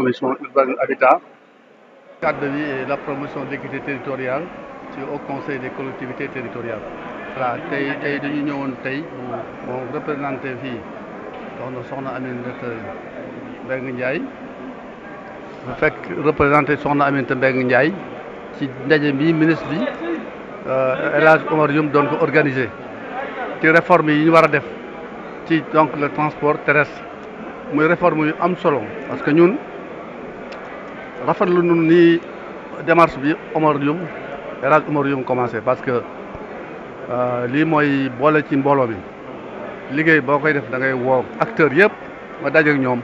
commission urbaine habitat. Cadre de vie et la promotion d'équité l'équité territoriale au conseil des collectivités territoriales. voilà tey tey dañu ñëwoon tey représenter représenté fii soxna soxna Aminata Mbengue Ndiaye bu fekk représenté soxna Aminata Mbengue Ndiaye ci ndaje bi ministre bi euh, El Hadj Omar Youm doon ko organisé ci réforme yi ñu war a def ci donc le transport terrestre muy réforme yu am solo parce que ñun rafetlu nun ni démarche bi Omar Diom érage Omar Diom commencé parce que euh, lii mooy boole ci mbooloo mi liggéey boo def da ngay woo acteur yëpp nga dajeeg ñoom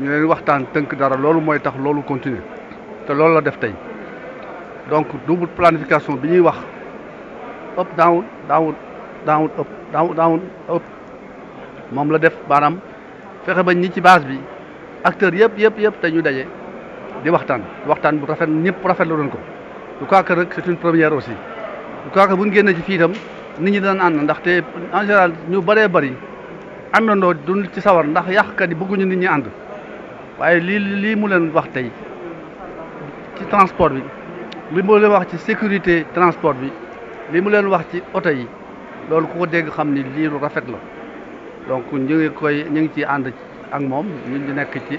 ñu leen waxtaan tënk dara loolu mooy tax loolu continuer te loolu la def tey donc double planification bi ñuy wax up down down down up down down up moom la def maanaam fexe ba ñi ci base bi acteur yëpp yëpp yëpp te ñu di waxtaan waxtaan bu rafet ñëpp rafetlu nañ ko du cas que rek c'est une première aussi du cas que bu ñu génnee ci fii itam nit ñi daan ànd ndaxte en général ñu bëree na ndoo duñ ci sawar ndax yàqkat yi bëgguñu nit ñi ànd waaye lii lii mu leen wax tey ci transport bi li mu leen wax ci sécurité transport bi lii mu leen wax ci oto yi loolu ku ko dégg xam ni lii lu rafet la donc ñu ngi koy ñu ngi ciy ànd ak moom ñu nekk ci.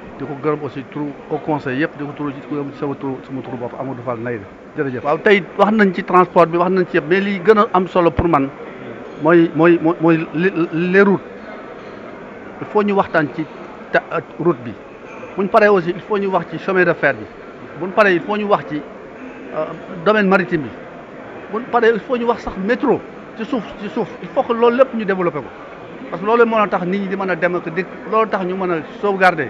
di ko gërëm aussi turu au conseil yëpp di ko turu ci sama turu sama turu bopp Amadou Fall nay la jërëjëf waaw tey wax nañ ci transport bi wax nañ ci yëpp mais li gën a am solo pour man mooy mooy mooy les routes il faut ñu waxtaan ci route bi buñ paree aussi il faut ñu wax ci chemin de fer bi buñ paree il faut ñu wax ci euh, domaine maritime bi buñ paree il faut ñu wax sax métro ci suuf ci suuf il faut que loolu lépp ñu développé ko parce que loolu moo tax nit ñi di mën a dem ak dikk loolu tax ñu mën a sauvegarder